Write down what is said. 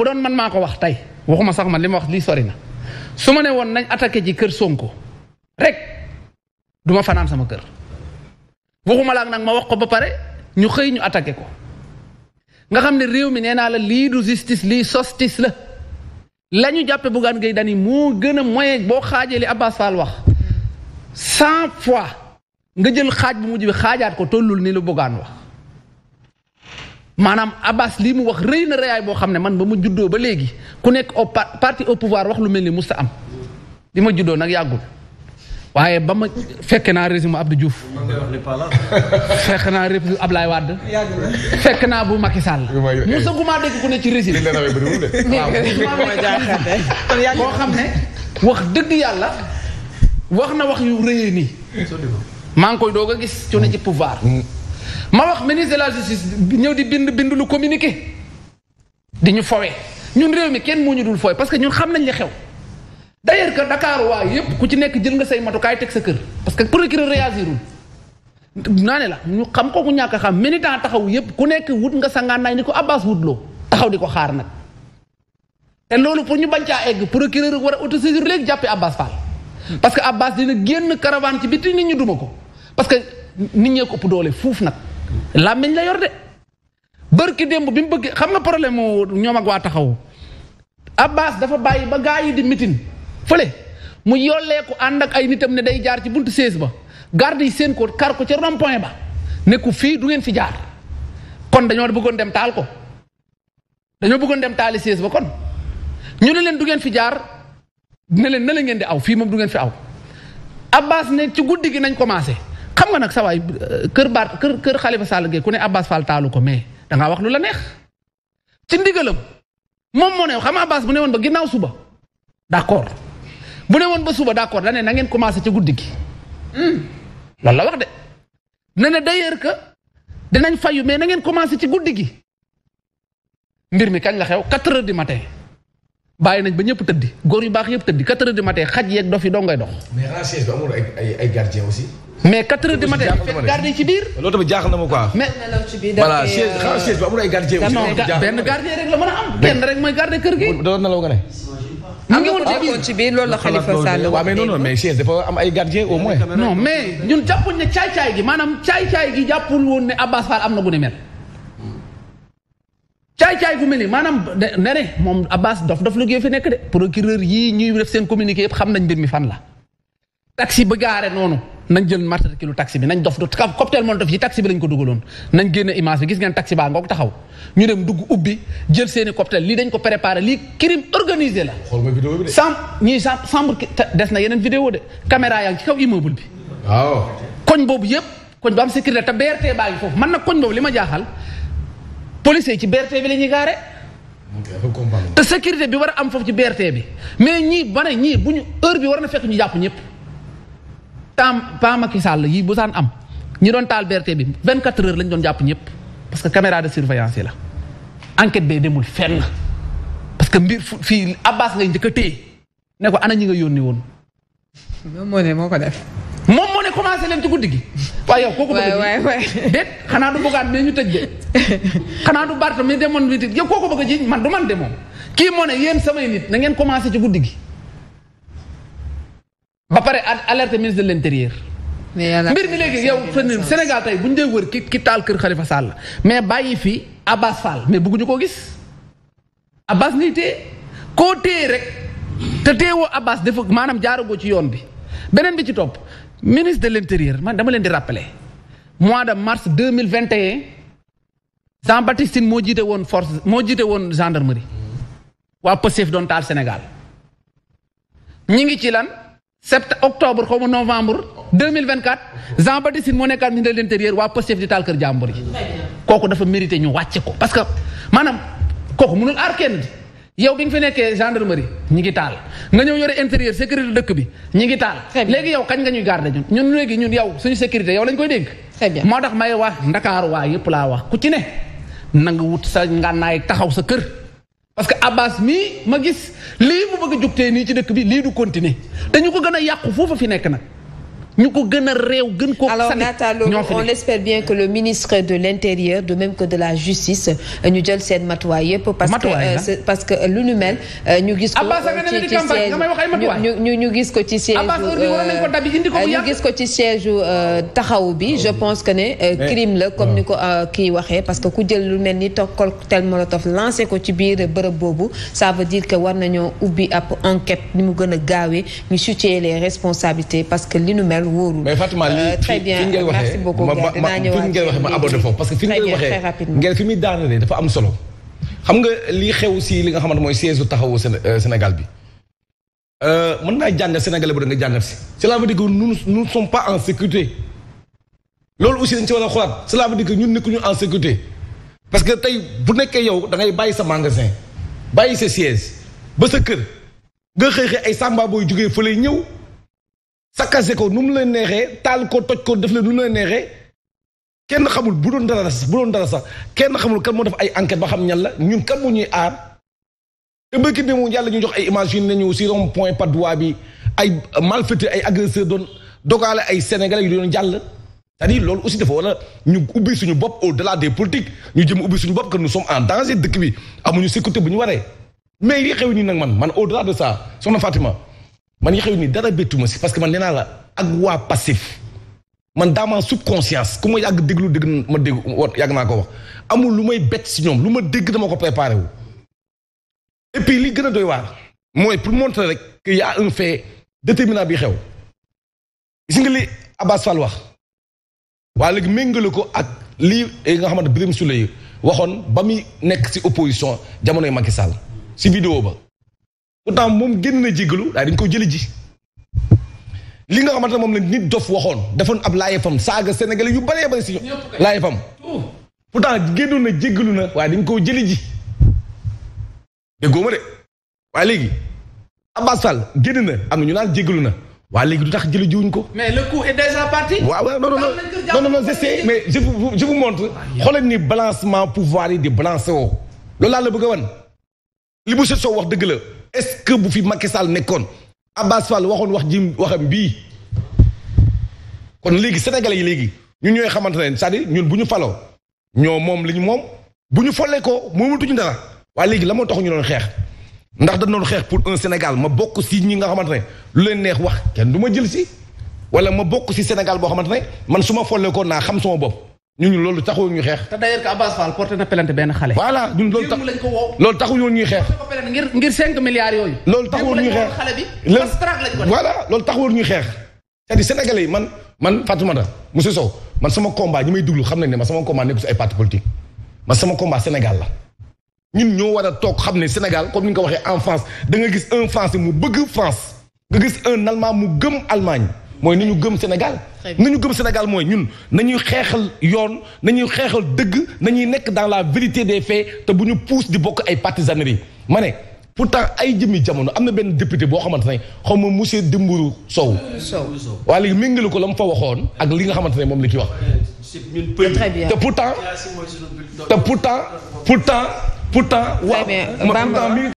bu doon man maa ko wax tey waxuma sax ma li ma wax lii sori na su ma ne woon nañ attaqué ji kër Sonko rek duma fanaan sama kër waxuma laak nag ma wax ko ba pare ñu xëy ñu attaqué ko nga xam ne réew mi nee naa la lii du justice lii sostis la la ñu jàppe Bougane Gueye Dany moo gën a moyen boo xaajee li Abbas Fall wax cent fois nga jël xaaj bu mujj bi xaajaat ko tollul ni lu Bougane wax maanaam Abbas lii mu wax rëy na rëyaay boo xam ne man ba ma juddoo ba léegi ku nekk au parti au pouvoir wax lu mel ni musta am li ma juddoo nag yàggul waaye ba ma fekk naa régime Abdou Diouf fekk naa régime Ablaye Wade fekk naa bu Macky Sall musa gu maa dégg ku ne ci régime boo xam ne wax dëgg yàlla wax na wax yu rëyee nii maa ngi koy doog a gis ci ne ci pouvoir mm. ma wax ministre de la justice ñëw di bind bind lu communiqué di ñu fowee ñun réew mi kenn moo ñu dul fowee parce que ñun xam nañ li xew d'ailleurs que Dakar waa yépp ku ci nekk jël nga say matukaay teg sa kër parce que procureur réagirul naa ne la ñu xam ko ku ñàkk xam militant taxaw yépp ku nekk wut nga sa ngànnaay ni ko Abbas wutloo taxaw di ko xaar nag te loolu pour ñu bañ caa egg procureur war a autosaisir léegi jàppee Abbas Fall parce que Abbas dina génn caravane ci biti nit ñu duma ko parce nit ñee ko ëpp doole fuuf nag làmmiñ la yor de bërki démb bi mu bëggee xam nga problème mu ñoom ak waa taxaw Abbas dafa bàyyi ba gaa yi di mitin fële mu yollee ko ànd ak ay nitam ne day jaar ci buntu sées ba garde yi seen ko kar ko ca rond ba ne ku fii du ngeen fi jaar kon dañoo bëggoon dem taal ko dañoo bëggoon dem taali sées ba kon ñu ne leen du ngeen fi jaar ne leen na la ngeen di aw fii moom du ngeen fi aw Abbas ne ci guddi gi nañ commencé xam nga nag sa waay euh, kër baat kër kër Khalifa Sall Gueye ku ne Abbas Fall ko mais da wax lu la neex ci ndigalam moom moo ne xam Abbas bu ne woon ba ginnaaw suba d'accord bu ne woon ba suba d'accord da ne na ngeen commencé ca guddi gi hmm. loolu la wax de ne ne d'ailleurs que dinañ yu mais na ngeen commencé ci guddi gi mbir mi kañ nga xew 4 heures du matin bàyyi nañ ba ñëpp tëddi góor yu baax yëpp tëddi 4 heures du xaj yeeg dof yi doo ngay dox. ay ay aussi. mais 4 heures du matin fekk gardien ci biir. loolu tamit jaaxal na ma quoi. mais voilà siège xaaral siège bi amul ay gardien. benn gardien rek la mën a am. kenn rek mooy gardien kër gi. doon nelaw nga ne. am nga woon déggoon ci biir loolu la Khalifa Sall wax. waaw mais non non mais siège dafa am ay gardien au moins. non mais ñun jàppuñ ne caay-caay gi maanaam caay-caay gi jàppul woon ne Abbas Fall am na bu ne mel. caay-caay gu mel ni maanaam ne ne moom Abbas dof dof liggéey fi nekk de. procureur yii ñuy def seen communiqué yëpp xam nañ mbir mi fan la. taxi ba gaare noonu nañ jël kilo taxi bi nañ dof du cocktail molotov ci taxi bi lañ ko dugaloon nañ génne image bi gis ngeen taxi baa ngoog taxaw ñu dem dugg ubbi jël seeni cocktail lii dañ ko préparé lii crime organisé la. xool nga vidéo bi sam ñii chambre des na yeneen vidéo de caméra yaa ngi ci kaw immeuble bi. koñ boobu yëpp koñ bu am sécurité te BRT baa ngi foofu man nag koñ boobu li ma jaaxal police ci BRT bi la ñuy gaare. te sécurité bi war a am foofu ci BRT bi mais ñii ba ne ñii bu ñu heure bi war na fekk ñu jàpp ñëpp. temps pas Macky Sall yii bu saan am ñi doon taal BRT bi 24 heures lañ doon jàpp ñëpp parce que caméra de surveillance yi la enquête bee demul fenn parce que mbir fii Abbas ngay njëkk a téye ne ko ana ñi nga yónni woon. moom moo ne moo ko def. moom moo ne commencé leen ci guddi gi. waaye yow ko bëgg a jiiñ déet xanaa du bëggaat mais ñu tëj de xanaa du Barth mi demoon bi koo kooku bëgg a jiiñ man du man de moom kii moo ne yéen sama nit ngeen commencé ci guddi gi. ba pare alerte ministre de l'intérieur. mbir mi léegi yow fën Sénégal tey bu ñu dee wër ki ki taal kër saal la mais bàyyi fi Abbas Fall mais bëgguñu ko gis Abbas nii tee koo téye rek te teewoo Abbas dafa maanaam jaaragoo ci yoon bi beneen bi ci topp ministre de l'intérieur man dama leen di rappeler mois de mars deux mille vingt et un Jean Baptiste moo jiite woon force moo jiite woon gendarmerie waa Pastef doon taal Sénégal ñi ngi ci lan. sept octobre xaw ma novembre 2024 Jean Baptiste Tine moo nekkaat ministre de l'intérieur waa Pastef di taal kër jàmbur yi kooku dafa mérité ñu wàcce ko parce que maanaam kooku mënul aar kenn di yow bi nga fi nekkee gendarmerie ñi ngi taal nga ñëw yore intérieur sécurité dëkk bi ñi ngi taal léegi yow kañ nga ñuy garder ñun ñun léegi ñun yow suñu sécurité yow lañ koy dénk moo tax may wax Ndakaaru waa yëpp laa wax ku ci ne nanga wut sa ngànnaay taxaw sa kër parce que Abbas mii ma gis lii mu bëgg a jugtee nii ci dëkk bi lii du continuer dañu ko gën a yàqu foofa fi nekk nag ñu ko gën réew gën ko. alors Nata on espère bien que le ministre de l' intérieur de même que de la justice ñu jël seen matuwaay yëpp. parce que euh, parce que lu nu mel. Euh, ñu gis ko ci ci siège ñu ñu gis ko ci siège. Euh, ñu gis ko ci siège taxaw bi je pense que ne crime la comme ni ko kii waxee parce que ku jël lu mel ni toog cocktail molotov lancé ko ci biir bërëb boobu ça veut dire que war nañoo ubbi ab enquête ni mu gën a gaawee ñu situer les responsabilités parce que li nu mel. wóorul. mais Fatima euh, lii fi ngay waxee ma ma fi ngay waxee ma abordé foofu parce que fi ngay waxee ngeen fi muy daanalee dafa am solo. xam nga lii xew si li nga xamante mooy siège taxawu euh, Sénégal bi euh, mën naa jàngal sénégalais bu da nga si. cela veut dire que nous nous loolu aussi dañ si war a xoolaat cela veut dire que ñun nekkuñu en sécurité parce que tey bu nekkee yow da ngay bàyyi sa magasin bàyyi sa siège ba sa kër nga xëy xëy ay sàmba booy jógee lay ñëw. sakkase ko nu mu leen neexee taal ko toj ko def leen nu mu neexee kenn xamul bu doon dara bu doon dara sax kenn xamul kan moo def ay enquête ba xam ñan la ñun kan moo ñuy aar te bëkki de moom yàlla ñu jox ay images yu ne ñu si rond point Padois bi ay malfaiteurs ay agresseurs doon dogaale ay sénégalais yu doon jàll. cest à loolu aussi dafa war ñu ubbi suñu bopp au delà des politiques ñu jëm ubbi suñu bopp que nous sommes en danger dëkk bi amuñu sécurité bu ñu waree mais li xew nii nag man man au delà de ça soxna man yi xew nii dara bettuma si parce que man nee naa la ak waa passif man daamaa conscience ku ma yàgg déglu dégg ma dégg yàgg naa ko wax amul lu may bett si ñoom lu ma dégg dama ko préparé wu et puis li gën a doy waar mooy pour montrer rek que y a bi xew gis nga li Abass Fall wax waaye léegi méngale ko ak lii nga xamante Birame Souleye waxoon ba muy nekk si opposition jamonoy Macky Sall si vidéo ba pourtant moom génn na jéggalu daal dañ ko jëli ji li nga xamante ne moom la nit dof waxoon defoon ab laayefam saaga sénégalais yu bëree bëri si ñoom laayefam pourtant génnoon na jéggalu na waaye dañ koo jëli ji déggoo ma de waaye léegi Abbas Fall génn na am na ñu naan jéggalu na waaye léegi du tax jëli jiwuñ ko. mais le coup est déjà parti. waaw non non non non non je sais mais je vous je vous montre xoolal ni balancement pouvoir yi di balancer woo loolu laa la bëgg a wan li bu set soo wax dëgg la. est-ce que bu fi Macky Sall nekkoon Abbas Fall waxoon wax ji waxam bii kon léegi sénégalais yi léegi ñu ñooy xamante ne cest à ñun bu ñu faloo ñoo moom li ñu moom bu ñu folee ko moomatuñu dara waaye léegi la moo tax ñu doon xeex ndax dañ doon xeex pour un Sénégal ma bokk si ñi nga xamante ne lu leen neex wax kenn du ma jël si wala ma bokk si Sénégal boo xamante ne man su ma folee naa xam sama bopp. ñun loolu taxul ñu xeex. te d'ailleurs que Abbas Fall porté na plainte benn xale. voilà ñun loolu tax loolu taxul woon ñuy xeex. ngir ngir cinq milliards loolu taxul ñuy xeex ñuy xeex. c'est-à-dire sénégalais yi man man Fatoumata monsieur Sow man sama combat ñi may duglu xam nañ ne man sama combat nekku si ay parti politique man sama combat Sénégal la. ñun ñoo war a toog xam ne Sénégal comme ni nga ko waxee en France da nga gis un français mu bëgg France nga gis un allemand mu gëm Allemagne. mooy ni ñu gëm Sénégal na ñu gëm Sénégal mooy ñun nañuy xeexal yoon na ñuy xeexal dëgg na ñuy nekk dans la vérité des faits te bu ñu pousse di bokk ay partisanerie ma ne pourtant ay jëmmi jamono am na benn député boo xamante ne xaw ma monsieur Dembourou Sow waaye léegi méngale ko la mu fa waxoon ak li nga xamante ne moom la ci wax te pourtant te pourtant pourtant pourtant waaw